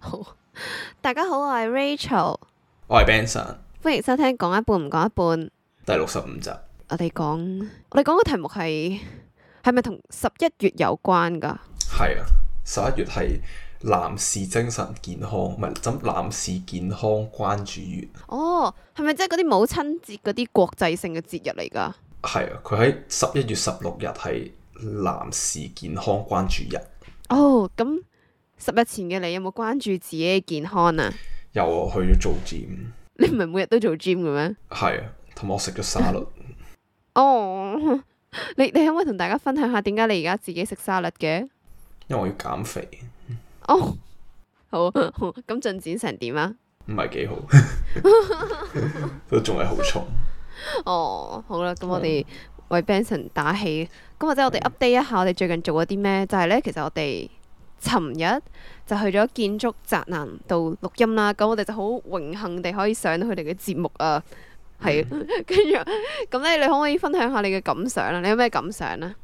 好，大家好，我係 Rachel，我係 Benson，歡迎收聽講一半唔講一半第六十五集，我哋講我哋講嘅題目係係咪同十一月有關噶？係啊，十一月係男士精神健康，唔係男士健康關注月。哦，係咪即係嗰啲母親節嗰啲國際性嘅節日嚟噶？係啊，佢喺十一月十六日係男士健康關注日。哦，咁。十日前嘅，你有冇關注自己嘅健康啊？有啊，我去咗做 gym。你唔係每日都做 gym 嘅咩？係啊，同埋我食咗沙律。哦、 oh,，你你可唔可以同大家分享下點解你而家自己食沙律嘅？因為我要減肥。哦、oh, 好，咁進展成點啊？唔係幾好，都仲係好重。哦、oh,，好啦，咁我哋為 Benson 打氣，咁或者我哋 update 一下我哋最近做咗啲咩？就係、是、咧，其實我哋。尋日就去咗建築宅男度錄音啦，咁我哋就好榮幸地可以上到佢哋嘅節目啊！係、嗯，跟住咁咧，你可唔可以分享下你嘅感想啊？你有咩感想咧？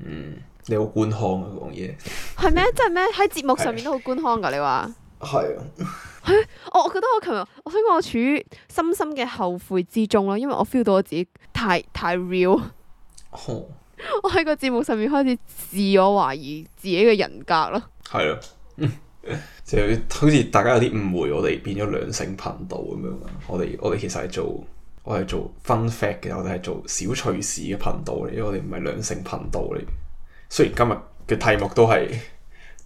嗯，你好官腔啊！講嘢係咩？即係咩？喺、就是、節目上面都好官腔噶，你話係啊？我、 oh, 我覺得我琴日，我想講我處於深深嘅後悔之中咯，因為我 feel 到我自己太太 real， oh. 我喺個節目上面開始自我懷疑自己嘅人格咯。係咯， 就好似大家有啲誤會我，我哋變咗兩性頻道咁樣啊！我哋我哋其實係做我係做 fun fact 嘅，我哋係做，做小趣事嘅頻道嚟，因為我哋唔係兩性頻道嚟。雖然今日嘅題目都係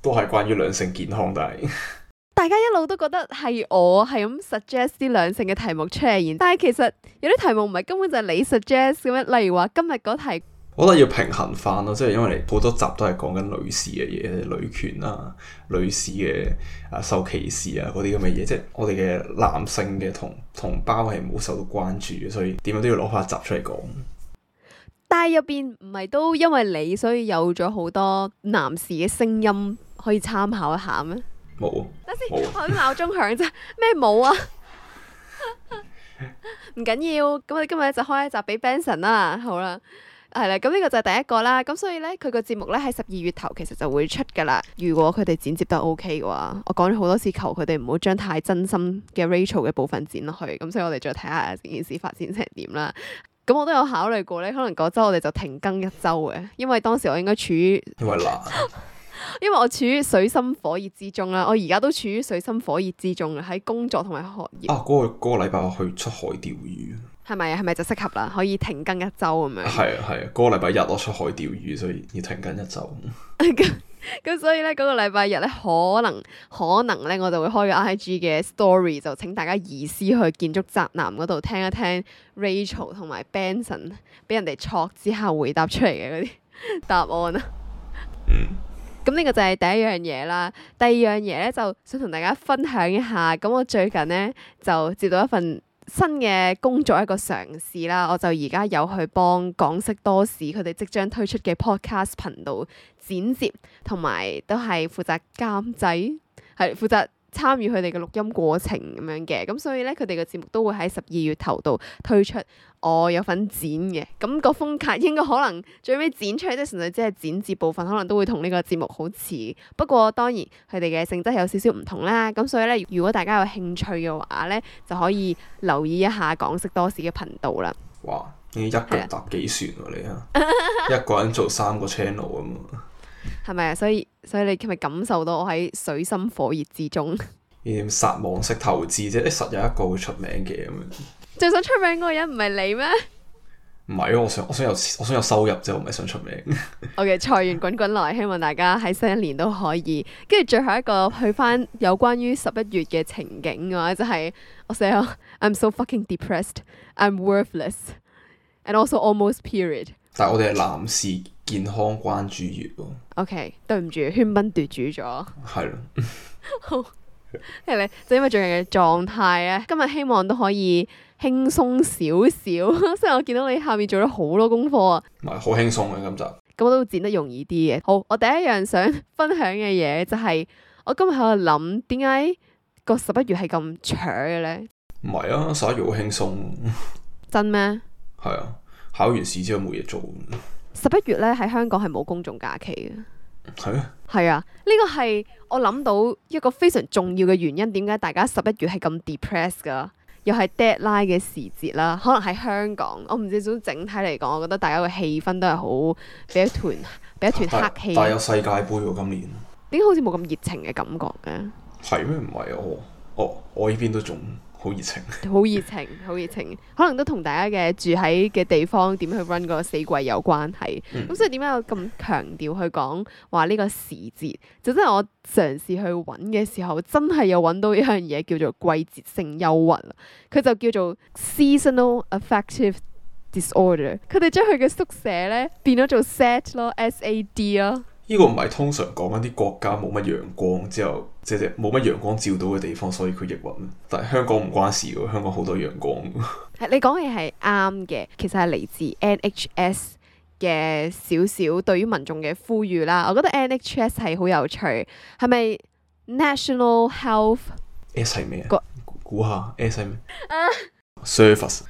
都係關於兩性健康，但係 大家一路都覺得係我係咁 suggest 啲兩性嘅題目出嚟，但係其實有啲題目唔係根本就係你 suggest 咁樣，例如話今日嗰題。我覺得要平衡翻咯，即係因為你好多集都係講緊女士嘅嘢、女權啊、女士嘅啊受歧視啊嗰啲咁嘅嘢，即係我哋嘅男性嘅同同胞係冇受到關注嘅，所以點樣都要攞翻集出嚟講。但係入邊唔係都因為你，所以有咗好多男士嘅聲音可以參考一下咩？冇。等先等， 我啲鬧鐘響啫。咩冇啊？唔緊要，咁我哋今日就開一集俾 Benson 啦。好啦。係啦，咁呢個就係第一個啦，咁所以咧，佢個節目咧喺十二月頭其實就會出噶啦。如果佢哋剪接得 OK 嘅話，我講咗好多次，求佢哋唔好將太真心嘅 Rachel 嘅部分剪落去。咁所以我哋再睇下件事發展成點啦。咁我都有考慮過咧，可能嗰周我哋就停更一周嘅，因為當時我應該處於因為難，因為我處於水深火熱之中啦。我而家都處於水深火熱之中啊，喺工作同埋學業。啊，嗰個嗰個禮拜我去出海釣魚。係咪係咪就適合啦？可以停更一周咁樣。係啊係啊，嗰個禮拜日我出海釣魚，所以要停更一周。咁咁， 所以咧嗰、嗰個禮拜日咧，可能可能咧，我就會開個 I G 嘅 Story，就請大家移師去建築宅男嗰度聽一聽 Rachel 同埋 Benson 俾人哋挫之後回答出嚟嘅嗰啲答案啦。嗯。咁呢 個就係第一樣嘢啦，第二樣嘢咧，就想同大家分享一下。咁我最近咧就接到一份。新嘅工作一個嘗試啦，我就而家有去幫港式多士佢哋即將推出嘅 podcast 頻道剪接，同埋都係負責監製，係負責。參與佢哋嘅錄音過程咁樣嘅，咁所以咧佢哋嘅節目都會喺十二月頭度推出。我、哦、有份剪嘅，咁、那個風格應該可能最尾剪出嚟，即純粹只係剪接部分，可能都會同呢個節目好似。不過當然佢哋嘅性質有少少唔同啦。咁所以咧，如果大家有興趣嘅話咧，就可以留意一下港式多士嘅頻道啦。哇！一腳踏幾船喎你啊？的 你一個人做三個 channel 啊？.係咪啊？所以所以你係咪感受到我喺水深火熱之中？呢點撒網式投資啫，啲、欸、實有一個會出名嘅咁樣。最想出名嗰個人唔係你咩？唔係，我我想我想有我想有收入啫，我唔係想出名。Ok，財源滾滾來，希望大家喺新一年都可以。跟住最後一個去翻有關於十一月嘅情景嘅話，就係、是、我 say，I'm so fucking depressed，I'm worthless，and also almost period。但係我哋係男士健康關注月。O、okay, K，對唔住，喧賓奪主咗。係咯是的， 好，即係你，就因為最近嘅狀態咧，今日希望都可以輕鬆少少。雖 然我見到你下面做咗好多功課啊，唔係好輕鬆嘅今集，咁我都剪得容易啲嘅。好，我第一樣想分享嘅嘢就係、是，我今日喺度諗，點解個十一月係咁 sad 嘅咧？唔係啊，十一月好輕鬆。 真咩？係啊，考完試之後冇嘢做。十一月咧，喺香港係冇公眾假期嘅，係咩嗎？係啊，呢個係我諗到一個非常重要嘅原因，點解大家十一月係咁 depressed 噶？又係 deadline 嘅時節啦，可能喺香港，我唔知，總之整體嚟講，我覺得大家嘅氣氛都係好俾一團俾一團黑氣但。但係有世界盃喎，啊，今年點解好似冇咁熱情嘅感覺嘅？係咩唔係啊？哦，我呢邊都仲。好熱， 熱情，好熱情，好熱情。可能都同大家嘅住喺嘅地方點去 run 個四季有關係。咁、嗯、所以點解我咁強調去講話呢、呢個時節？就真係我嘗試去揾嘅時候，真係有揾到一樣嘢叫做季節性憂鬱。佢就叫做 seasonal affective disorder。佢哋將佢嘅縮寫咧變咗做 sad 咯，sad 咯。呢個唔係通常講緊啲國家冇乜陽光之後，即係冇乜陽光照到嘅地方，所以佢抑疫咩？但係香港唔關事嘅，香港好多陽光。係你講嘢係啱嘅，其實係嚟自 NHS 嘅少少對於民眾嘅呼籲啦。我覺得 NHS 係好有趣，係咪 National Health？S 係咩個啊 Service,？估估下 S 係咩 s e r f a c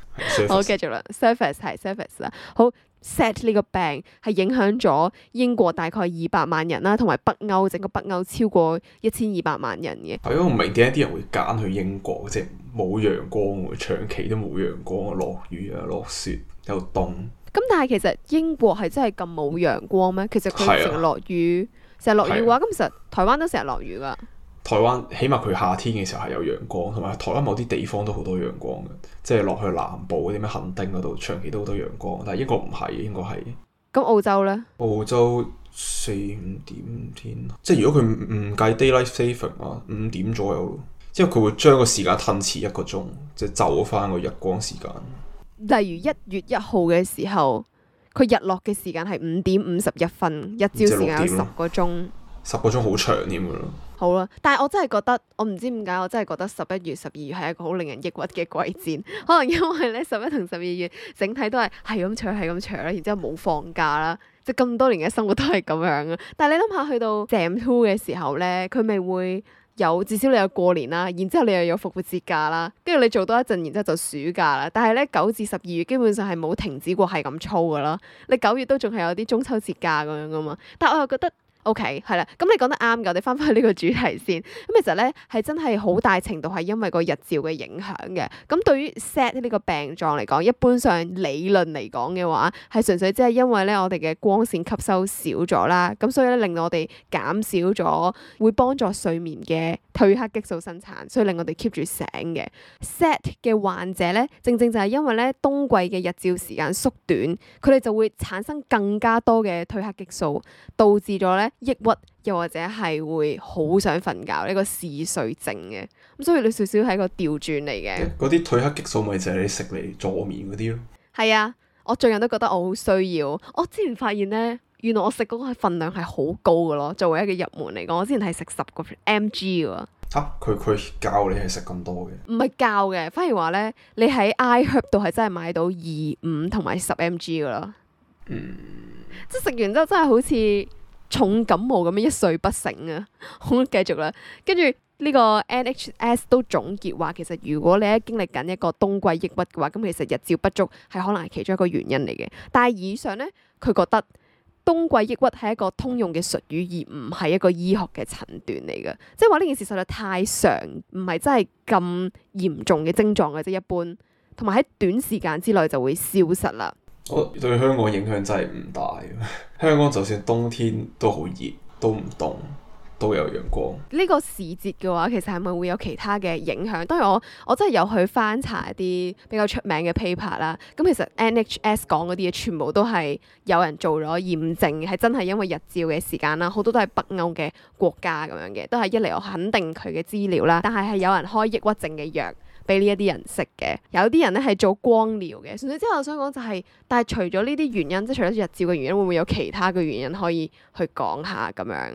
e 好繼續啦 s u r f a c e 係 s u r f a c e 啦，好。SAD 呢個病係影響咗英國大概二百萬人啦，同埋北歐整個北歐超過一千二百萬人嘅。係咯，我唔明點解啲人會揀去英國，即係冇陽光，長期都冇陽光，落雨啊，落雪又凍。咁但係其實英國係真係咁冇陽光咩？其實佢成日落雨，成日落雨嘅話，咁其實台灣都成日落雨㗎。台灣起碼佢夏天嘅時候係有陽光，同埋台灣某啲地方都好多陽光嘅，即係落去南部嗰啲咩墾丁嗰度，長期都好多陽光。但係英國唔係，應該係。咁澳洲呢？澳洲四五點天，即係如果佢唔計 daylight saving 啊，五點左右，即係佢會將個時間㩒遲一個鐘，即係就走翻個日光時間。例如一月一號嘅時候，佢日落嘅時間係五點五十一分，日照時間有十個鐘。十個鐘好長添嘅咯，好啦，但係我真係覺得，我唔知點解，我真係覺得十一月、十二月係一個好令人抑鬱嘅季節。可能因為咧，十一同十二月整體都係係咁長，係咁長啦，然之後冇放假啦，即咁多年嘅生活都係咁樣啊。但係你諗下去到 December 嘅時候咧，佢咪會有至少你有過年啦，然之後你又有復活節假啦，跟住你做多一陣，然之後就暑假啦。但係咧，九至十二月基本上係冇停止過，係咁操嘅啦。你九月都仲係有啲中秋節假咁樣嘅嘛？但我又覺得。O K，係啦，咁、okay，你講得啱㗎，我哋翻返去呢個主題先。咁其實咧，係真係好大程度係因為個日照嘅影響嘅。咁對於 SAD 呢個病狀嚟講，一般上理論嚟講嘅話，係純粹即係因為咧我哋嘅光線吸收少咗啦，咁所以咧令我哋減少咗會幫助睡眠嘅褪黑激素生產，所以令我哋 keep 住醒嘅。SAD 嘅患者咧，正正就係因為咧冬季嘅日照時間縮短，佢哋就會產生更加多嘅褪黑激素，導致咗咧。抑鬱又或者係會好想瞓覺呢個嗜睡症嘅，咁所以小小小一你少少喺個調轉嚟嘅。嗰啲褪黑激素咪就係你食嚟助眠嗰啲咯。係啊，我最近都覺得我好需要。我之前發現咧，原來我食嗰個份量係好高噶咯。作為一個入門嚟講，我之前係食十個 mg 嘅。吓、啊，佢佢教你係食咁多嘅？唔係教嘅，反而話咧，你喺 iHerb 度係真係買到二五同埋十 mg 噶咯。嗯，即係食完之後真係好似。重感冒咁樣一睡不醒啊！ 好，繼續啦。跟住呢個 NHS 都總結話，其實如果你喺經歷緊一個冬季抑鬱嘅話，咁其實日照不足係可能係其中一個原因嚟嘅。但係以上咧，佢覺得冬季抑鬱係一個通用嘅術語，而唔係一個醫學嘅診斷嚟嘅。即係話呢件事實在太常，唔係真係咁嚴重嘅症狀嘅，啫。一般，同埋喺短時間之內就會消失啦。我對香港影響真係唔大， 香港就算冬天都好熱，都唔凍，都有陽光。呢個時節嘅話，其實係咪會有其他嘅影響？當然我我真係有去翻查一啲比較出名嘅 paper 啦。咁其實 NHS 講嗰啲嘢全部都係有人做咗驗證，係真係因為日照嘅時間啦，好多都係北歐嘅國家咁樣嘅，都係一嚟我肯定佢嘅資料啦。但係係有人開抑鬱症嘅藥。俾呢一啲人食嘅，有啲人咧係做光療嘅。純粹之後我想講就係、是，但係除咗呢啲原因，即係除咗日照嘅原因，會唔會有其他嘅原因可以去講下咁樣？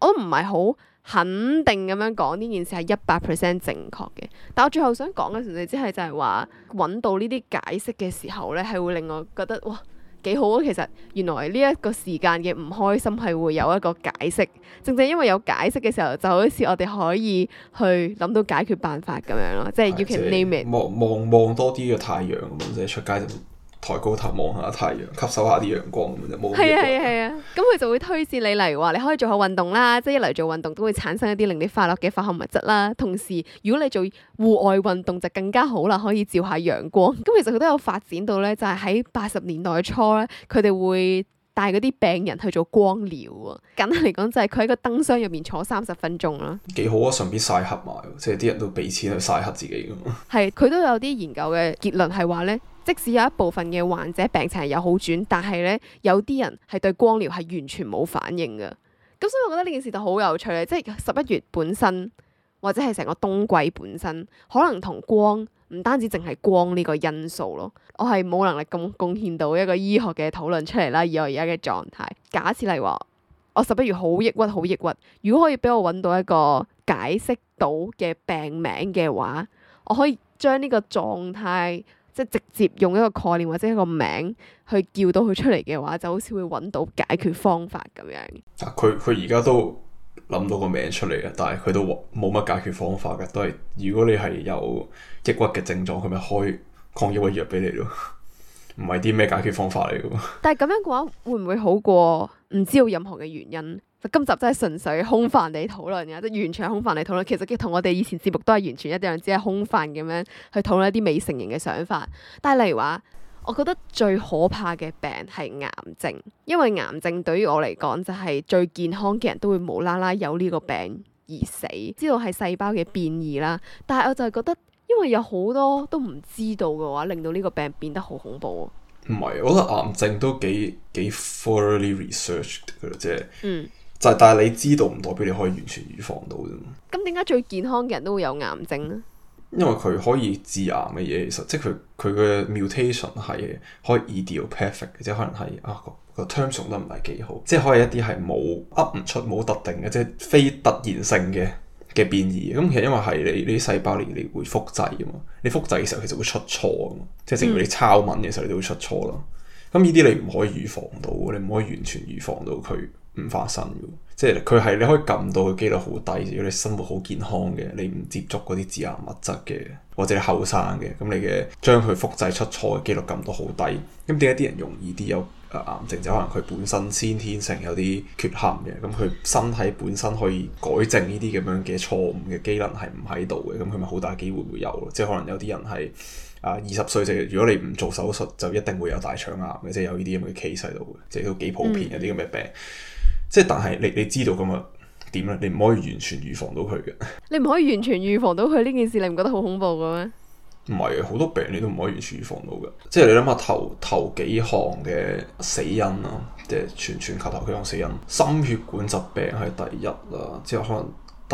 我都唔係好肯定咁樣講呢件事係一百 percent 正確嘅。但我最後想講嘅純粹之係就係話，揾到呢啲解釋嘅時候咧，係會令我覺得哇～幾好啊！其實原來呢一個時間嘅唔開心係會有一個解釋，正正因為有解釋嘅時候，就好似我哋可以去諗到解決辦法咁樣咯對，即係 you can name it，望望望多啲嘅太陽，或者出街就。抬高頭望下太陽，吸收下啲陽光咁樣啫。係啊係啊係啊，咁佢就會推薦你，例如話你可以做下運動啦，即係一嚟做運動都會產生一啲令你快樂嘅化學物質啦。同時，如果你做戶外運動就更加好啦，可以照下陽光。咁其實佢都有發展到咧，就係喺八十年代初咧，佢哋會帶嗰啲病人去做光療啊。簡單嚟講就係佢喺個燈箱入面坐三十分鐘啦。幾好啊！順便曬黑埋，即係啲人都俾錢去曬黑自己噶嘛。係，佢 都 有啲研究嘅結論係話咧。即使有一部分嘅患者，病情係有好轉，但係咧，有啲人係對光療係完全冇反應噶。咁所以我覺得呢件事就好有趣咧。即係十一月本身，或者係成個冬季本身，可能同光唔單止淨係光呢個因素咯。我係冇能力貢貢獻到一個醫學嘅討論出嚟啦。以我而家嘅狀態，假設嚟話我十一月好抑鬱，好抑鬱。如果可以俾我揾到一個解釋到嘅病名嘅話，我可以將呢個狀態。即係直接用一個概念或者一個名去叫到佢出嚟嘅話，就好似會揾到解決方法咁樣。佢佢而家都諗到個名出嚟嘅，但係佢都冇乜解決方法嘅，都係如果你係有抑鬱嘅症狀，佢咪開抗抑鬱藥俾你咯。唔係啲咩解決方法嚟嘅。但係咁樣嘅話，會唔會好過？唔知道任何嘅原因。今集真係純粹空泛地討論嘅，即係完全空泛地討論。其實同我哋以前節目都係完全一樣，只係空泛咁樣去討論一啲未成型嘅想法。但係例如話，我覺得最可怕嘅病係癌症，因為癌症對於我嚟講就係最健康嘅人都會無啦啦有呢個病而死。知道係細胞嘅變異啦，但係我就係覺得，因為有好多都唔知道嘅話，令到呢個病變得好恐怖。唔係我覺得癌症都幾幾 fully researched 㗎，即嗯。就係，但係你知道唔代表你可以完全預防到啫。咁點解最健康嘅人都會有癌症咧、嗯？因為佢可以致癌嘅嘢，其實即係佢佢嘅 mutation 係可以 ideal perfect，即係可能係啊個個 term 得唔係幾好，即係可以一啲係冇 up 唔出冇特定嘅，即係非突然性嘅嘅變異。咁其實因為係你呢啲細胞你你會複製噶嘛？你複製嘅時候其實會出錯噶嘛，即係正如你抄文嘅時候你都會出錯啦。咁呢啲你唔可以預防到，你唔可以完全預防到佢。唔發生嘅，即係佢係你可以撳到嘅機率好低。如果你生活好健康嘅，你唔接觸嗰啲致癌物質嘅，或者你後生嘅，咁你嘅將佢複製出錯嘅機率撳到好低。咁點解啲人容易啲有癌症？就可能佢本身先天性有啲缺陷嘅，咁佢身體本身可以改正呢啲咁樣嘅錯誤嘅機能係唔喺度嘅，咁佢咪好大機會會有咯。即係可能有啲人係啊二十歲就如果你唔做手術，就一定會有大腸癌嘅，即係有呢啲咁嘅 case 喺度嘅，即係都幾普遍有啲咁嘅病。即係，但係你你知道咁啊點咧？你唔可以完全預防到佢嘅。你唔可以完全預防到佢呢件事，你唔覺得好恐怖嘅咩？唔係好多病你都唔可以完全預防到嘅。即係你諗下頭頭幾項嘅死因啦，即係全全球頭幾項死因，心血管疾病係第一啦，之後可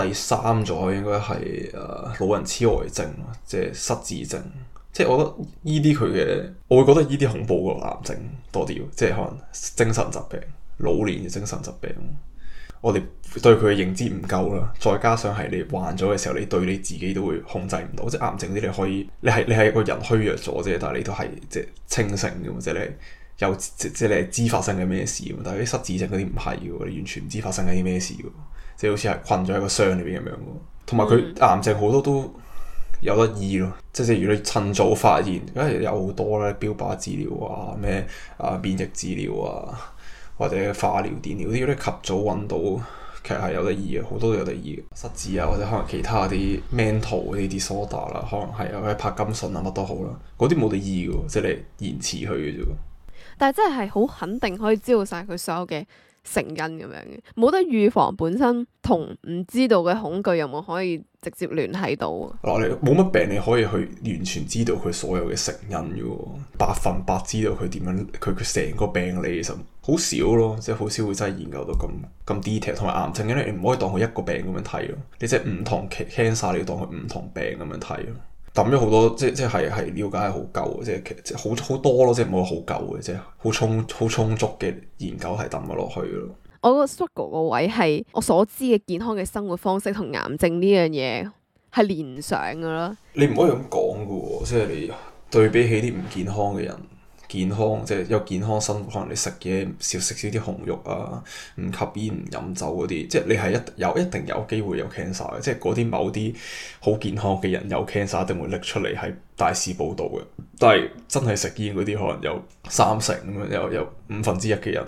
能第三咗應該係誒、呃、老人痴呆症，即係失智症。即係我覺得呢啲佢嘅，我會覺得呢啲恐怖過癌症多啲，即係可能精神疾病。老年嘅精神疾病，我哋對佢嘅認知唔夠啦。再加上係你患咗嘅時候，你對你自己都會控制唔到。即係癌症啲，你可以，你係你係一個人虛弱咗啫，但係你都係即係清醒嘅嘛，即係你有即即係你係知發生緊咩事。但係啲失智症嗰啲唔係嘅，你完全唔知發生緊啲咩事嘅，即係好似係困咗喺個箱裏邊咁樣。同埋佢癌症好多都有得醫咯，即係如果你趁早發現，梗係有好多咧標靶治療啊，咩啊免疫治療啊。或者化療、電療啲，如果你及早揾到，其實係有得醫嘅，好多都有得醫嘅。失智啊，或者可能其他啲 mental 呢啲 disorder 啦，可能係啊，佢柏金遜啊，乜都好啦，嗰啲冇得醫嘅，即係你延遲佢嘅啫。但係真係係好肯定可以知道晒佢所有嘅。成因咁樣嘅，冇得預防本身同唔知道嘅恐懼有冇可以直接聯繫到啊？嗱，你冇乜病，你可以去完全知道佢所有嘅成因㗎喎，百分百知道佢點樣，佢佢成個病理其實好少咯，即係好少會真係研究到咁咁 detail，同埋癌症咧，你唔可以當佢一個病咁樣睇咯，啊，你即係唔同 cancer，你要當佢唔同病咁樣睇咯，啊。抌咗好多，即即係係了解係好夠，即係其即好好多咯，即係冇好夠嘅，即係好充好充足嘅研究係抌咗落去咯。我個 sugar 個位係我所知嘅健康嘅生活方式同癌症呢樣嘢係連想噶咯。你唔可以咁講噶喎，即係你對比起啲唔健康嘅人。健康即係有健康生活，可能你食嘢少食少啲紅肉啊，唔吸煙唔飲酒嗰啲，即係你係一有一定有機會有 cancer 嘅，即係嗰啲某啲好健康嘅人有 cancer 一定會拎出嚟喺大肆報導嘅，但係真係食煙嗰啲可能有三成，有有五分之一嘅人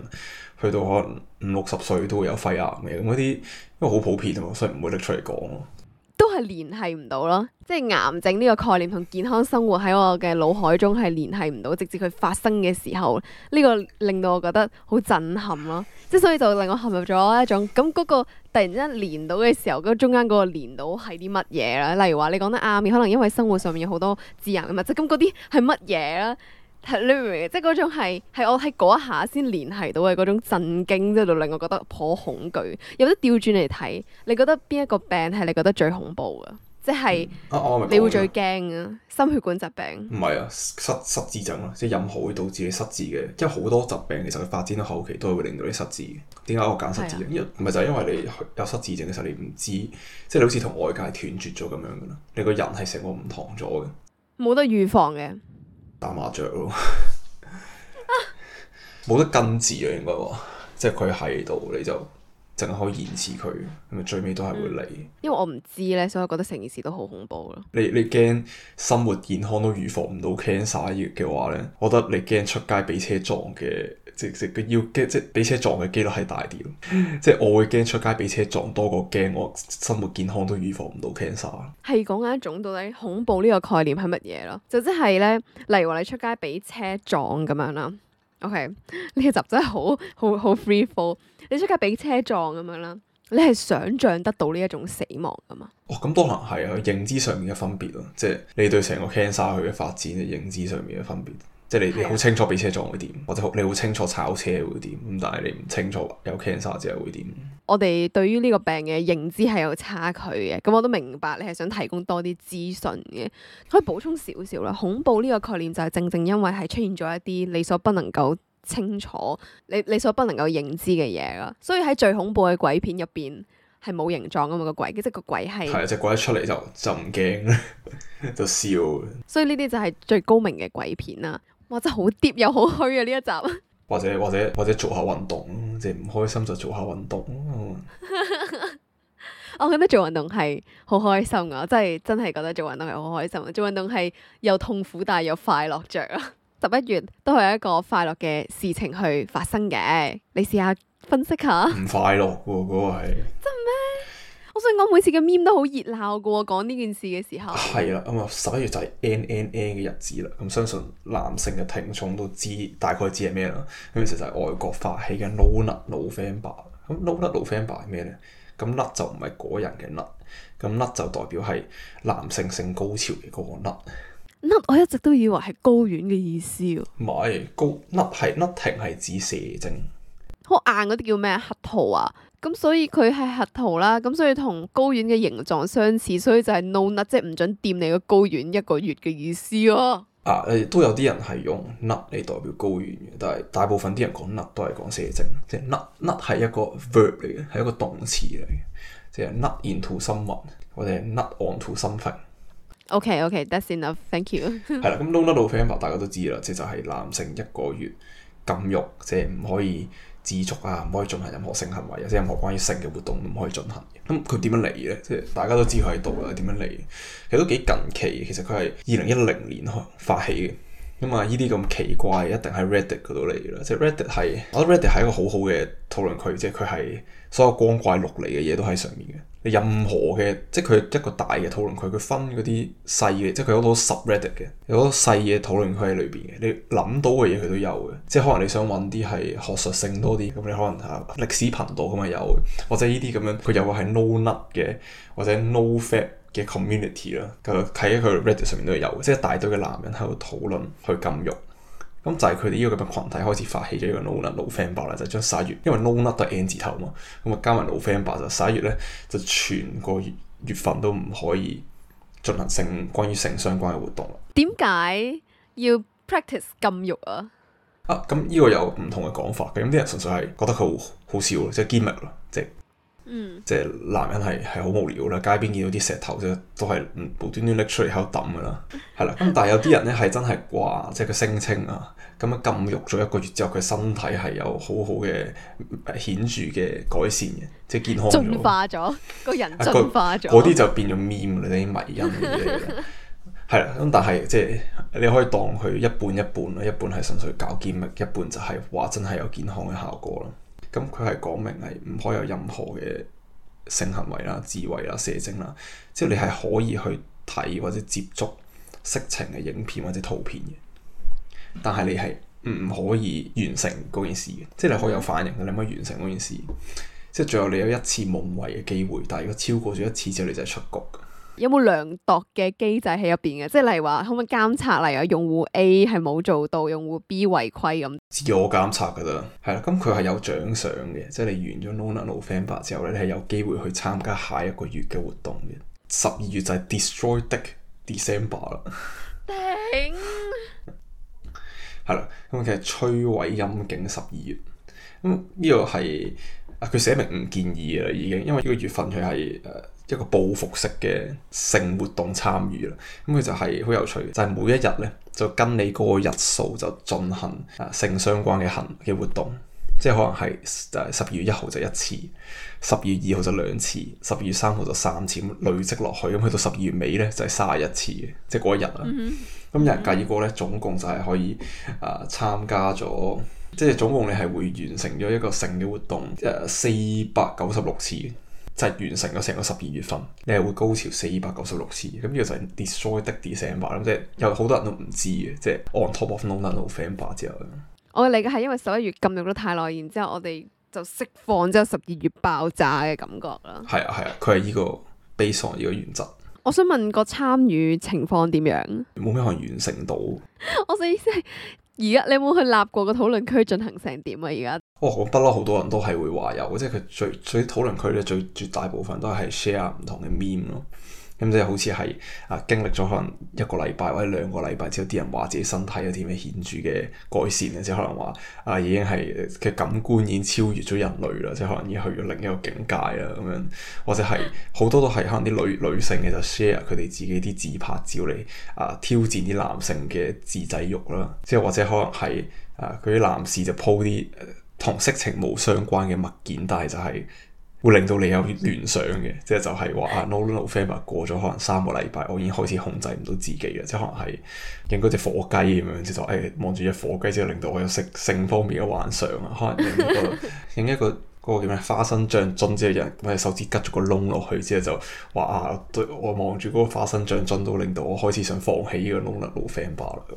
去到可能五六十歲都會有肺癌嘅，咁嗰啲因為好普遍啊嘛，所以唔會拎出嚟講。係聯繫唔到咯，即係癌症呢個概念同健康生活喺我嘅腦海中係聯繫唔到，直至佢發生嘅時候，呢個令到我覺得好震撼咯。即係所以就令我陷入咗一種咁嗰個突然之間連到嘅時候，嗰中間嗰個連到係啲乜嘢咧？例如話你講得啱嘅，可能因為生活上面有好多自然嘅物質，咁嗰啲係乜嘢啦？係你明唔明？即係嗰種係，係我喺嗰一下先聯繫到嘅嗰種震驚，即係令我覺得頗恐懼。有得調轉嚟睇，你覺得邊一個病係你覺得最恐怖嘅？即係你會最驚嘅、嗯啊、心血管疾病？唔係啊，失失，失智症咯，即係任何會導致你失智嘅。因為好多疾病其實佢發展到後期都係會令到你失智嘅。點解我揀失智症？唔係、啊、就係因為你有失智症嘅時候你你，你唔知，即係你好似同外界斷絕咗咁樣噶啦。你個人係成個唔同咗嘅，冇得預防嘅。打麻雀咯，冇 得根治啊，應該話即係佢喺度你就。淨係可以延遲佢，咁啊最尾都係會嚟、嗯。因為我唔知咧，所以我覺得成件事都好恐怖咯。你你驚生活健康都預防唔到 cancer 嘅話咧，我覺得你驚出街俾車撞嘅，即即要驚即俾車撞嘅機率係大啲咯。嗯、即我會驚出街俾車撞多過驚我生活健康都預防唔到 cancer。係講緊一種到底恐怖呢個概念係乜嘢咯？就即係咧，例如話你出街俾車撞咁樣啦。O.K. 呢集真係好好好 freefall，你出街俾車撞咁樣啦，你係想像得到呢一種死亡噶嘛？哦，咁當然係啊，認知上面嘅分別咯，即係你對成個 cancer 佢嘅發展嘅認知上面嘅分別。即係你好清楚畀車撞會點，或者你好清楚炒車會點，咁但係你唔清楚有 cancer 之後會點。我哋對於呢個病嘅認知係有差距嘅，咁我都明白你係想提供多啲資訊嘅，可以補充少少啦。恐怖呢個概念就係正正因為係出現咗一啲你所不能夠清楚，你你所不能夠認知嘅嘢啦。所以喺最恐怖嘅鬼片入邊係冇形狀噶嘛個鬼，即係個鬼係係呀隻鬼一出嚟就就唔驚，就笑，笑了。所以呢啲就係最高明嘅鬼片啦。哇！真係好 deep 又好虛啊呢一集，或者或者或者做下運動，即係唔開心就做下運動啊。 我覺得做運動係好開心噶，真係真係覺得做運動係好開心。做運動係又痛苦但係又快樂着啊！十 一月都係一個快樂嘅事情去發生嘅，你試下分析下。唔快樂喎，嗰、嗰個係真咩？我想講每次嘅 meme 都好熱鬧噶，講呢件事嘅時候係啦，咁啊十一月就係 N N N 嘅日子啦。咁、嗯、相信男性嘅聽眾都知大概知係咩啦。咁其實係外國發起嘅 No Nut November。咁 No Nut November 係咩咧？咁 not 就唔係果仁嘅 not，咁 not 就代表係男性性高潮嘅嗰、嗰個 not。not 我一直都以為係高遠嘅意思唔係高 not 係 not 停係指射精。好硬嗰啲叫咩？核桃啊？咁所以佢係核桃啦，咁所以同睾丸嘅形狀相似，所以就係 no nut 即係唔准掂你個睾丸一個月嘅意思咯、哦。啊，誒都有啲人係用 nut 嚟代表睾丸嘅，但係大部分啲人講 nut 都係講射精，即、就、係、是、nut。nut 係一個 verb 嚟嘅，係一個動詞嚟嘅，即、就、係、是、nut into someone 或者 nut onto、something. s o m e n o k、okay, o k、okay, that's enough. Thank you。 係啦，咁 no nut 好、no、famous，大家都知啦，即就係、是、男性一個月禁欲，即係唔可以。自足啊，唔可以進行任何性行為，或者任何關於性嘅活動都唔可以進行。咁佢點樣嚟嘅？即係大家都知佢喺度啊，點樣嚟？其實都幾近期。其實佢係二零一零年發起嘅。咁啊！呢啲咁奇怪一定喺 Reddit 嗰度嚟嘅啦，即係 Reddit 係，我覺得 Reddit 係一個好好嘅討論區，即係佢係所有光怪陸離嘅嘢都喺上面嘅。你任何嘅，即係佢一個大嘅討論區，佢分嗰啲細嘅，即係佢有好多 subReddit 嘅，有好多細嘢討論區喺裏邊嘅。你諗到嘅嘢佢都有嘅，即係可能你想揾啲係學術性多啲，咁你可能嚇歷史頻道咁啊有，或者呢啲咁樣佢有個係 no nut 嘅，或者 no fat 嘅 community 啦，佢喺佢 Reddit 上面都有，即係一大堆嘅男人喺度討論去禁欲，咁就係佢哋呢個咁嘅羣體開始發起咗一個 at, No Nut November 啦，就將十一月，因為 no nut 都係 n 字頭嘛，咁啊加埋 November 就十一月咧，就全個月月份都唔可以進行性關於性相關嘅活動啦。點解要 practice 禁欲啊？啊，咁依個有唔同嘅講法嘅，咁啲人純粹係覺得佢好，好笑咯，即係 gimmick 啦，即係。即係男人係係好無聊啦，街邊見到啲石頭就都係無端端拎出嚟喺度抌噶啦，係啦。咁但係有啲人咧係真係掛，即係佢聲稱啊，咁樣禁欲咗一個月之後，佢身體係有好好嘅顯著嘅改善嘅，即係健康進化咗，個人進化咗，嗰啲、啊、就變咗面嗰啲迷因嚟嘅，係啦。 咁但係即係你可以當佢一半一半啦，一半係純粹搞健力，一半就係話真係有健康嘅效果啦。咁佢係講明係唔可以有任何嘅性行為啦，自慰啦，射精啦，即係你係可以去睇或者接觸色情嘅影片或者圖片嘅，但係你係唔可以完成嗰件事嘅，即係你可以有反應，你唔可以完成嗰件事，即係最後你有一次夢遺嘅機會，但係如果超過咗一次之後，就你就係出局。.有冇量度嘅機制喺入邊嘅？即係例如話可唔可以監察，例如用戶 A 係冇做到，用戶 B 違規咁。自我監察噶咋？係啦，咁佢係有獎賞嘅，即係你完咗 No Nut November 之後咧，你係有機會去參加下一個月嘅活動嘅。十二月就係 Destroy Dick December 啦。頂 Dang. 係啦，咁其實摧毀陰莖十二月，咁呢個係。佢寫明唔建議嘅啦，已經，因為呢個月份佢係誒一個報復式嘅性活動參與啦。咁佢就係、是、好有趣，就係、是、每一日咧就跟你嗰個日數就進行啊性相關嘅行嘅活動，即係可能係誒十二月一號就一次，十二月二號就兩次，十二月三號就三次，累積落去，咁去到十二月尾咧就係卅一次嘅，即係嗰一日啦。咁日、嗯哼嗯嗯、人計過咧，總共就係可以啊、呃、參加咗。即係總共你係會完成咗一個成嘅活動，誒四百九十六次，即係完成咗成個十二月份，你係會高潮四百九十六次，咁就係 destroy the December 咁，即係有好多人都唔知嘅，即係 on top of No Nut November 之後。我嘅理解係因為十一月禁用咗太耐，然之後我哋就釋放，之後十二月爆炸嘅感覺啦。係啊係啊，佢係呢個 basic 呢個原則。我想問個參與情況點樣？冇咩人完成到。我嘅意思係。而家你有冇去立過個討論區進行成點啊？而家，哇，我不嬲好多人都係會話有，即係佢最最討論區咧，最絕大部分都係 share 唔同嘅 meme 咯。咁即係好似係啊經歷咗可能一個禮拜或者兩個禮拜之後，啲人話自己身體有啲咩顯著嘅改善啊，即係可能話啊已經係嘅感官已經超越咗人類啦，即係可能已經去咗另一個境界啊咁樣，或者係好多都係可能啲女女性嘅就 share 佢哋自己啲自拍照嚟啊挑戰啲男性嘅自制慾啦，即係或者可能係啊佢啲男士就 po 啲同色情冇相關嘅物件，但係就係、是。會令到你有聯想嘅，即係就係、是、話啊 No Nut November 過咗可能三個禮拜，我已經開始控制唔到自己嘅，即係可能係影嗰隻火雞咁樣，之係話誒望住隻火雞之後，令到我有性性方面嘅幻想啊，可能影一個嗰個叫咩花生醬樽，之係人，我隻手指拮咗個窿落去之後就話啊，對我望住嗰個花生醬樽都令到我開始想放棄呢個 No Nut November 啦。咁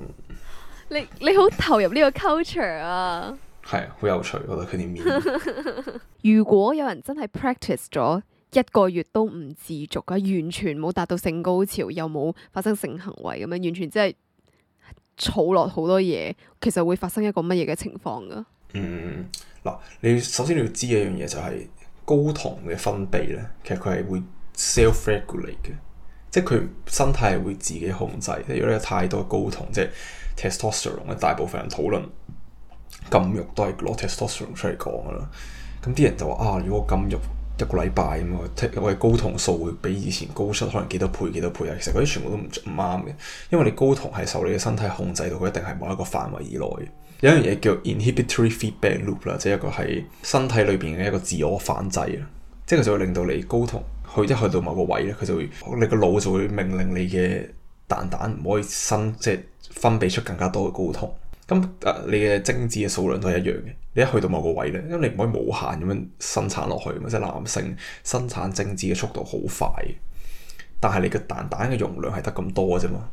你你好投入呢個 culture 啊！ 係，好有趣，我覺得佢啲面。 如果有人真係 practice 咗一個月都唔自足啊，完全冇達到性高潮，又冇發生性行為咁樣，完全即係儲落好多嘢，其實會發生一個乜嘢嘅情況噶？嗯，嗱，你首先你要知一樣嘢就係睾酮嘅分泌咧，其實佢係會 self regulate 嘅，即係佢身體係會自己控制。如果你有太多睾酮，即係 testosterone 咧，大部分人討論。禁欲都係攞 testosterone 出嚟講噶啦，咁啲人就話啊，如果禁欲一個禮拜咁啊，我嘅睾酮數會比以前高出可能幾多倍幾多倍啊？其實嗰啲全部都唔唔啱嘅，因為你睾酮係受你嘅身體控制到，佢一定係某一個範圍以內。有一樣嘢叫 inhibitory feedback loop 啦，即係一個係身體裏邊嘅一個自我反制啦，即係佢就會令到你睾酮去一去到某個位咧，佢就會你個腦就會命令你嘅蛋蛋唔可以生，即係分泌出更加多嘅睾酮。咁你嘅精子嘅數量都係一樣嘅。你一去到某個位咧，因為你唔可以無限咁樣生產落去嘛。即係男性生產精子嘅速度好快，但係你嘅蛋蛋嘅容量係得咁多嘅啫嘛。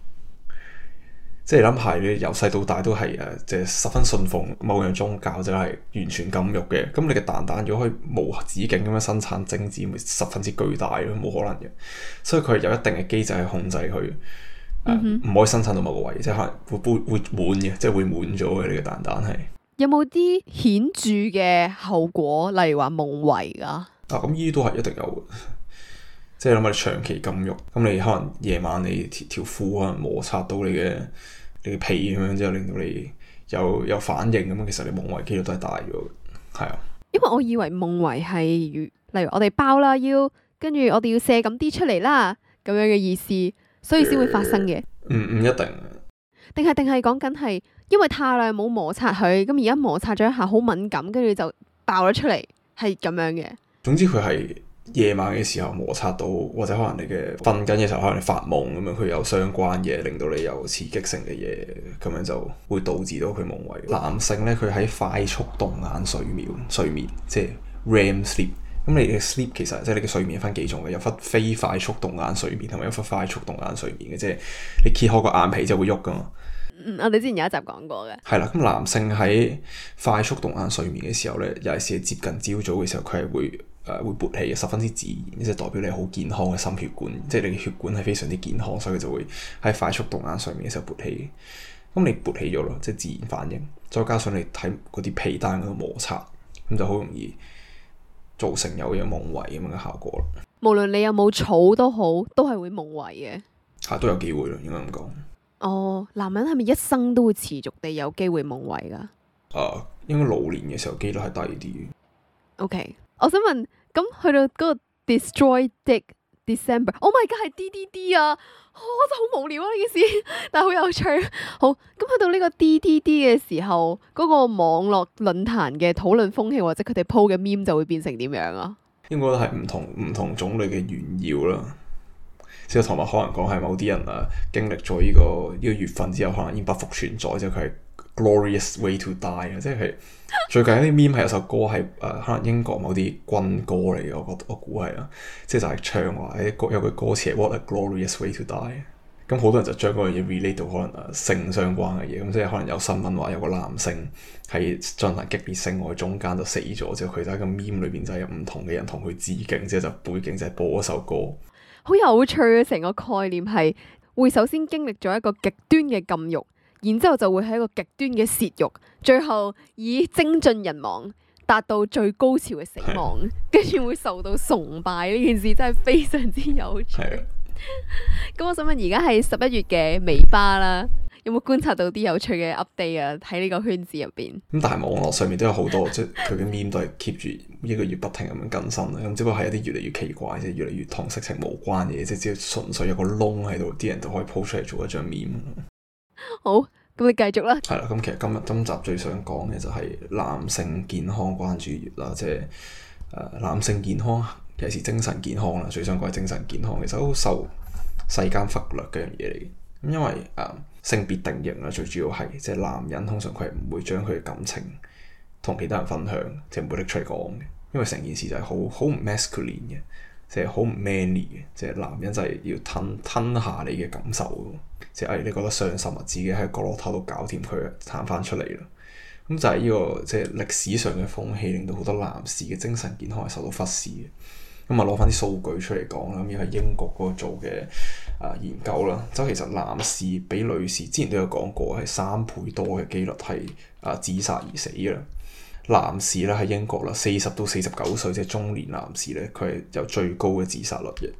即係諗下，你由細到大都係誒，即係十分信奉某樣宗教，就係完全禁欲嘅。咁你嘅蛋蛋如果可以無止境咁樣生產精子，咪十分之巨大，冇可能嘅。所以佢係有一定嘅機制去控制佢。唔、uh, mm hmm. 可以生產到某個位，即係會滿，會滿嘅，即係會滿咗嘅，你嘅蛋蛋係。有冇啲顯著嘅後果，例如話夢遺啊？啊，咁呢啲都係一定有嘅。即係諗下你長期禁欲，咁你可能夜晚你條褲可能摩擦到你嘅你嘅皮咁樣，之後令到你有有反應咁啊。其實你夢遺幾率都係大咗嘅，係啊。因為我以為夢遺係，例如我哋包啦，要跟住我哋要射咁啲出嚟啦，咁樣嘅意思。所以先會發生嘅，唔唔、yeah. 一定，定係定係講緊係，因為太耐冇摩擦佢，咁而家摩擦咗一下，好敏感，跟住就爆咗出嚟，係咁樣嘅。總之佢係夜晚嘅時候摩擦到，或者可能你嘅瞓緊嘅時候可能你發夢咁樣，佢有相關嘢令到你有刺激性嘅嘢，咁樣就會導致到佢夢遺。男性咧，佢喺快速動眼睡眠睡眠，即係 REM sleep。咁你嘅 sleep 其實即係你嘅睡眠分幾種嘅，有分非快速動眼睡眠同埋有分快速動眼睡眠嘅，即係你揭開個眼皮就會喐㗎嘛。嗯、啊，我哋之前有一集講過嘅。係啦，咁男性喺快速動眼睡眠嘅時候咧，尤其是接近朝早嘅時候，佢係會誒、呃、會勃起嘅，十分之自然，即係代表你好健康嘅心血管，即係你嘅血管係非常之健康，所以佢就會喺快速動眼睡眠嘅時候勃起。咁你勃起咗咯，即係自然反應，再加上你睇嗰啲被單嗰個摩擦，咁就好容易。造成有嘢夢遺咁樣嘅效果啦。無論你有冇草都好，都係會夢遺嘅。吓、啊，都有機會咯，應該咁講。哦，男人係咪一生都會持續地有機會夢遺噶？誒、啊，應該老年嘅時候機率係低啲。OK，我想問，咁去到個 destroy dick December，Oh my God，家係 D D D 啊，我真係好無聊啊呢件事，但係好有趣。 好，咁去到呢個、DD、D D D 嘅時候，嗰、那個網絡論壇嘅討論風氣或者佢哋 po 嘅 meme 就會變成點樣啊？應該都係唔同唔同種類嘅炫耀啦。即係同埋可能講係某啲人啊，經歷咗呢個呢、這個月份之後，可能已經不復存在，即係佢。Glorious way to die 啊，即係最近啲 Meme 係有首歌係誒、呃，可能英國某啲軍歌嚟嘅，我覺得我估係啦，即係就係唱話喺歌有句歌詞係 What a glorious way to die，咁好多人就將嗰樣嘢 relate 到可能性相關嘅嘢，咁即係可能有新聞話有個男性喺進行激烈性愛中間就死咗。之後佢就喺個 Meme 裏邊就係有唔同嘅人同佢致敬，之後就背景就係播一首歌，好有趣嘅、啊、成個概念係會首先經歷咗一個極端嘅禁欲然之後就會係一個極端嘅泄慾，最後以精盡人亡達到最高潮嘅死亡，跟住的會受到崇拜。呢件事真係非常之有趣。咁的 我想問，而家係十一月嘅尾巴啦，有冇觀察到啲有趣嘅 update 啊？喺呢個圈子入邊。咁但係網絡上面都有好多， 即係佢嘅面都係 keep 住一個月不停咁樣更新啦。咁 只不過係一啲越嚟越奇怪，即係越嚟越同色情無關嘅嘢，即係只要純粹有個窿喺度，啲人都可以 po 出嚟做一張面。好，咁你繼續啦。係啦、嗯，咁其實今日今集最想講嘅就係男性健康關注月啦，即係誒、呃、男性健康，尤其是精神健康啦，最想講係精神健康。其實好受世間忽略嘅樣嘢嚟咁因為誒、呃、性別定型啦，最主要係即係男人通常佢係唔會將佢嘅感情同其他人分享，即係唔會拎出嚟講嘅，因為成件事就係好好唔 masculine 嘅。即係好唔 man 嘅，即係男人就係要吞吞下你嘅感受。即係你覺得傷心啊，自己喺角落頭度搞掂佢，彈翻出嚟啦。咁就係呢、這個即係歷史上嘅風氣，令到好多男士嘅精神健康係受到忽視嘅。咁啊攞翻啲數據出嚟講啦，咁要喺英國嗰度做嘅啊、呃、研究啦，即係其實男士比女士之前都有講過，係三倍多嘅機率係啊、呃、自殺而死嘅。男士咧，喺英國啦，四十到四十九歲即係中年男士咧，佢係有最高嘅自殺率嘅。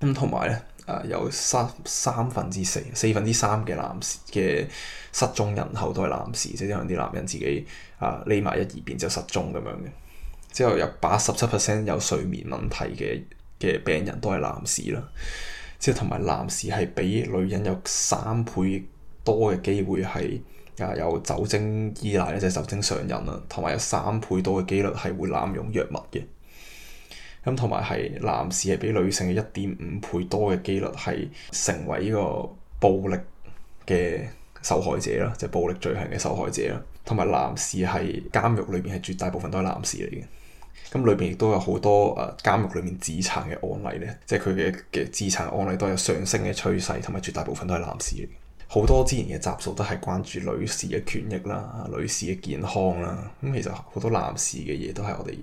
咁同埋咧，誒有三三分之四、四分之三嘅男士嘅失蹤人口都係男士，即係因為啲男人自己啊匿埋一二邊就失蹤咁樣嘅。之後有八十七 percent 有睡眠問題嘅嘅病人都係男士啦。之後同埋男士係比女人有三倍多嘅機會係，啊！有酒精依賴咧，就係酒精上癮啦，同埋有三倍多嘅機率係會濫用藥物嘅。咁同埋係男士係比女性嘅一點五倍多嘅機率係成為呢個暴力嘅受害者啦，就係暴力罪行嘅受害者啦。同埋男士係監獄裏邊係絕大部分都係男士嚟嘅。咁裏邊亦都有好多誒監獄裏面自殘嘅案例咧，即係佢嘅嘅自殘案例都有上升嘅趨勢，同埋絕大部分都係男士嚟嘅。好多之前嘅集數都係關注女士嘅權益啦、女士嘅健康啦，咁其實好多男士嘅嘢都係我哋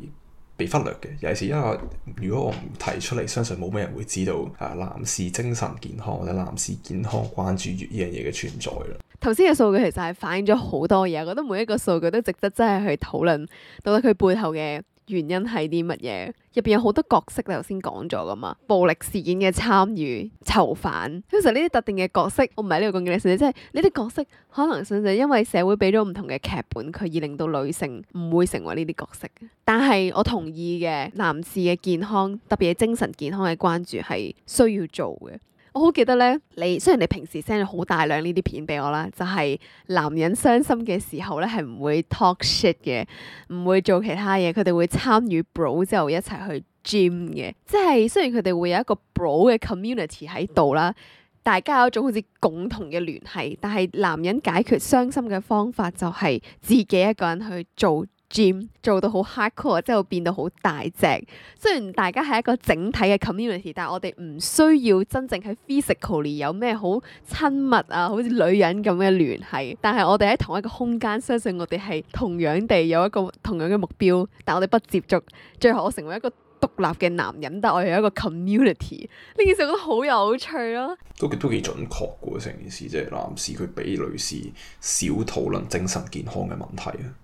被忽略嘅。尤其係因為如果我唔提出嚟，相信冇咩人會知道啊，男士精神健康或者男士健康關注月呢樣嘢嘅存在啦。頭先嘅數據其實係反映咗好多嘢，我覺得每一個數據都值得真係去討論，到底佢背後嘅。原因係啲乜嘢？入邊有好多角色，你頭先講咗噶嘛？暴力事件嘅參與、囚犯，通常呢啲特定嘅角色，我唔係呢度講嘅，甚至即係呢啲角色，可能就係因為社會俾咗唔同嘅劇本，佢而令到女性唔會成為呢啲角色。但係我同意嘅，男士嘅健康，特別係精神健康嘅關注係需要做嘅。我好記得咧，你雖然你平時 send 咗好大量呢啲片俾我啦，就係、是、男人傷心嘅時候咧，係唔會 talk shit 嘅，唔會做其他嘢，佢哋會參與 bro 之後一齊去 gym 嘅，即係雖然佢哋會有一個 bro 嘅 community 喺度啦，大家有一種好似共同嘅聯繫，但係男人解決傷心嘅方法就係自己一個人去做。Gym，做到好 hardcore，即係會變到好大隻。雖然大家係一個整體嘅 community，但係我哋唔需要真正喺 physically 有咩好親密啊，好似女人咁嘅聯繫。但係我哋喺同一個空間，相信我哋係同樣地有一個同樣嘅目標。但我哋不接觸，最後我成為一個獨立嘅男人，但係我係一個 community。呢件事都好有趣咯、啊。都都幾準確㗎，成件事，即係男士佢比女士少討論精神健康嘅問題啊。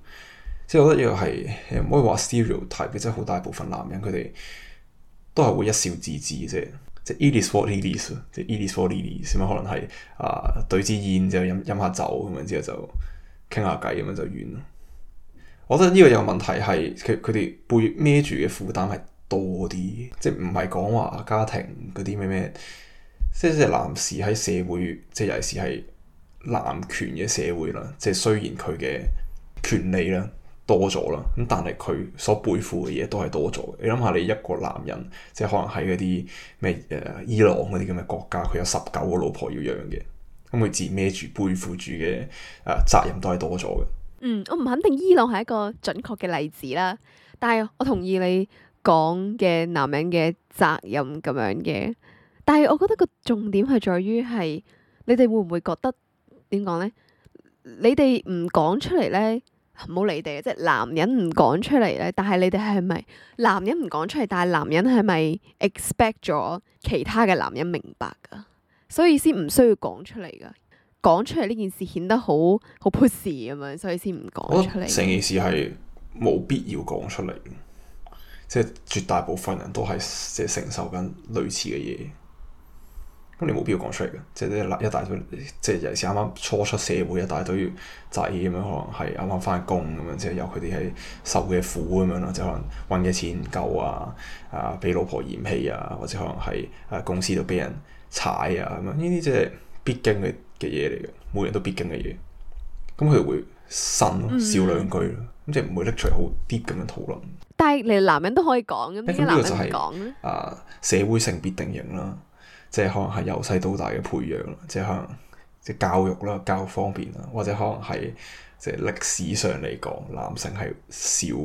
即係我覺得呢又係誒唔可以話 stereotype，即係好大部分男人佢哋都係會一笑置之嘅啫，即係 it is what it is，即係 it is what it is，咁樣可能係啊、呃、對支煙就後飲下酒咁樣之後就傾下偈咁樣就完咯。我覺得呢個有問題係佢佢哋背孭住嘅負擔係多啲，即係唔係講話家庭嗰啲咩咩，即係即係男士喺社會，即係尤其是係男權嘅社會啦，即係雖然佢嘅權利啦。多咗啦，咁但係佢所背負嘅嘢，都係多咗嘅。你諗下，你一個男人，即係可能喺嗰啲咩誒伊朗嗰啲咁嘅國家，佢有十九個老婆要養嘅，咁佢自孭住背負住嘅誒責任都係多咗嘅。嗯，我唔肯定伊朗係一個準確嘅例子啦，但係我同意你講嘅男人嘅責任咁樣嘅。但係我覺得個重點係在於係你哋會唔會覺得，點講咧？你哋唔講出嚟咧？冇你哋，即係男人唔講出嚟咧。但係你哋係咪男人唔講出嚟？但係男人係咪 expect 咗其他嘅男人明白噶？所以先唔需要講出嚟噶。講出嚟呢件事顯得好好 pussy 咁樣，所以先唔講出嚟。成件事係冇必要講出嚟，即係絕大部分人都係即係承受緊類似嘅嘢。咁你冇必要講出嚟嘅，即係一大堆，即係尤其是啱啱初出社會，一大堆仔咁樣，可能係啱啱返工咁樣，即係由佢哋係受嘅苦咁樣咯，即係可能搵嘅錢唔夠啊，啊俾老婆嫌棄啊，或者可能係誒公司度俾人踩啊咁樣，呢啲即係必經嘅嘅嘢嚟嘅，每人都必經嘅嘢。咁佢哋會呻笑兩句咯，咁、嗯、即係唔會拎出好啲咁樣討論。但係你男人都可以講嘅咩？男人都講咧。哎就係、啊，社會性別定型啦。即係可能係由細到大嘅培養，即係可能即係教育啦，教育方面啦，或者可能係即係歷史上嚟講，男性係少，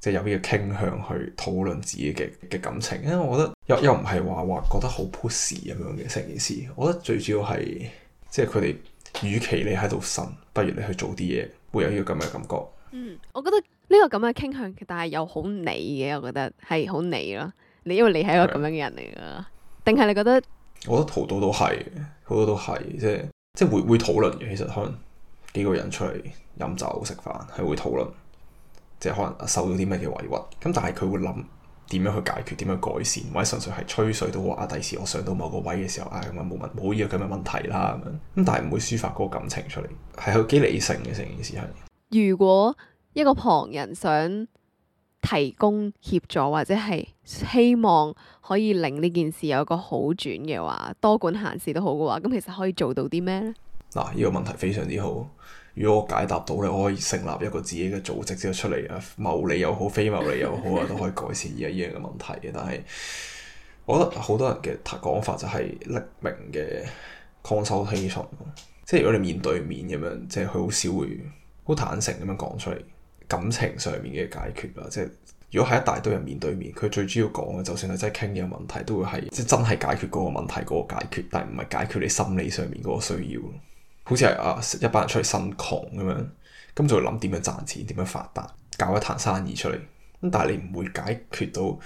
即係有呢個傾向去討論自己嘅嘅感情。因為我覺得又又唔係話話覺得好 push 咁樣嘅，成件事。我覺得最主要係即係佢哋，與其你喺度呻，不如你去做啲嘢，會有呢個咁嘅感覺。嗯，我覺得呢個咁嘅傾向，但係又好你嘅，我覺得係好你咯。你因為你係一個咁樣嘅人嚟噶。定係你覺得？我覺得好多都係，好多都係，即係即係會會討論嘅。其實可能幾個人出嚟飲酒食飯，係會討論，即係可能受到啲咩嘅委屈。咁但係佢會諗點樣去解決，點樣改善，或者純粹係吹水都話，啊，第時我上到某個位嘅時候，唉、啊，咁啊冇問冇呢個咁嘅問題啦，咁樣。咁但係唔會抒發嗰個感情出嚟，係好幾理性嘅成件事係。如果一個旁人想。提供協助或者係希望可以令呢件事有一個好轉嘅話，多管閒事都好嘅話，咁其實可以做到啲咩咧？嗱、啊，呢、呢個問題非常之好。如果我解答到咧，我可以成立一個自己嘅組織之後出嚟，牟利又好，非牟利又好啊，都可以改善而家一樣嘅問題嘅。 但係我覺得好多人嘅講法就係匿名嘅 consultation，即係如果你面對面咁樣，即係佢好少會好坦誠咁樣講出嚟。感情上面嘅解決啦，即係如果係一大堆人面對面，佢最主要講嘅，就算係真係傾呢個問題，都會係即係真係解決嗰個問題嗰個解決，但係唔係解決你心理上面嗰個需要。好似係啊，一班人出嚟呻窮咁樣，咁就諗點樣賺錢，點樣發達，搞一壇生意出嚟。咁但係你唔會解決到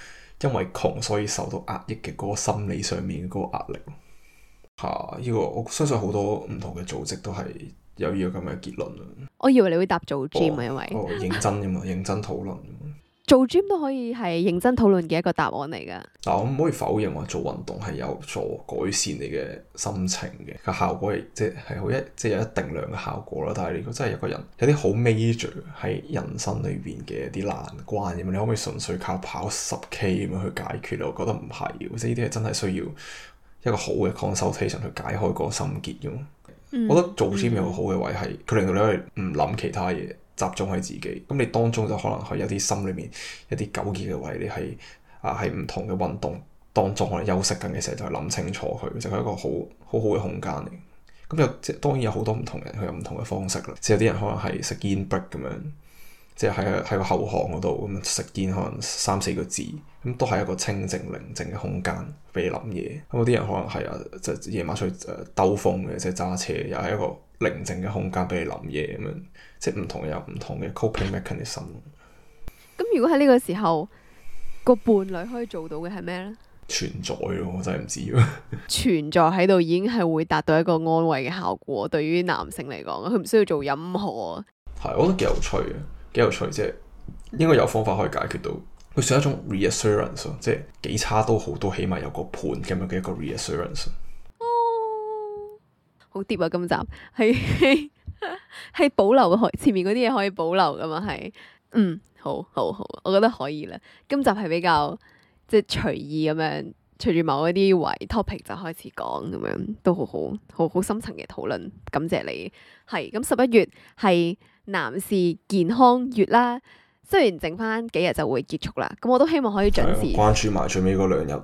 因為窮所以受到壓抑嘅嗰個心理上面嘅嗰個壓力。嚇、啊！依、這個我相信好多唔同嘅組織都係。有依個咁嘅結論，我以為你會答做 gym 啊，因為、哦哦、認真噶嘛，認真討論。 做 gym 都可以係認真討論嘅一個答案嚟噶。但我唔可以否認話做運動係有助改善你嘅心情嘅，個效果係即係好一即係有一定量嘅效果啦。但係你如果真係有個人有啲好 major 喺人生裏邊嘅啲難關咁，你可唔可以純粹靠跑十 k 咁樣去解決咧？我覺得唔係，即係呢啲係真係需要一個好嘅 consultation 去解開個心結嘅。我覺得做 gym 有個好嘅位係，佢令到你可以唔諗其他嘢，集中喺自己。咁你當中就可能係有啲心裏面一啲糾結嘅位，你係啊，喺唔同嘅運動當中，可能休息緊嘅時候就去諗清楚佢，其實係一個好好好嘅空間嚟。咁又即係當然有好多唔同人，佢有唔同嘅方式啦。即係有啲人可能係食煙 break 咁樣。即係喺個後巷嗰度咁食煙，可能三四個字咁，都係一個清靜、寧靜嘅空間俾你諗嘢。咁有啲人可能係啊，就夜、是、晚出去兜風嘅，即係揸車，又係一個寧靜嘅空間俾你諗嘢咁樣。即係唔同有唔同嘅 coping mechanism。咁如果喺呢個時候個伴侶可以做到嘅係咩呢？存在咯，我真係唔知。 存在喺度已經係會達到一個安慰嘅效果，對於男性嚟講，佢唔需要做任何係，我覺得幾有趣嘅。幾有趣，即係應該有方法可以解決到。佢算一種 reassurance 咯，即係幾差都好，都起碼有個盤咁樣嘅一個 reassurance。哦，好跌啊！今集係係 保留嘅前面嗰啲嘢可以保留噶嘛？係嗯，好好好，我覺得可以啦。今集係比較即係隨意咁樣，隨住某一啲位 topic 就開始講咁樣，都好好好好深層嘅討論。感謝你，係咁十一月係。男士健康月啦，雖然剩翻幾日就會結束啦，咁我都希望可以準時關注埋最尾嗰兩日。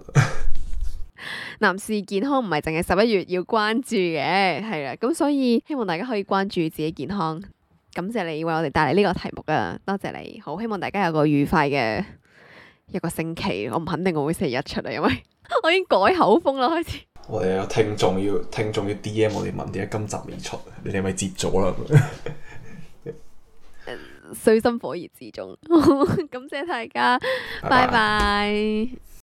男士健康唔係淨係十一月要關注嘅，係啊，咁所以希望大家可以關注自己健康。感謝你為我哋帶嚟呢個題目啊，多謝你。好，希望大家有個愉快嘅一個星期。我唔肯定我會四日出嚟，因為我已經改口風啦，開始。我哋有聽眾要聽眾要 DM 我哋問點解今集未出，你哋係咪接咗啦？ 水深火熱之中， 感謝大家，拜拜。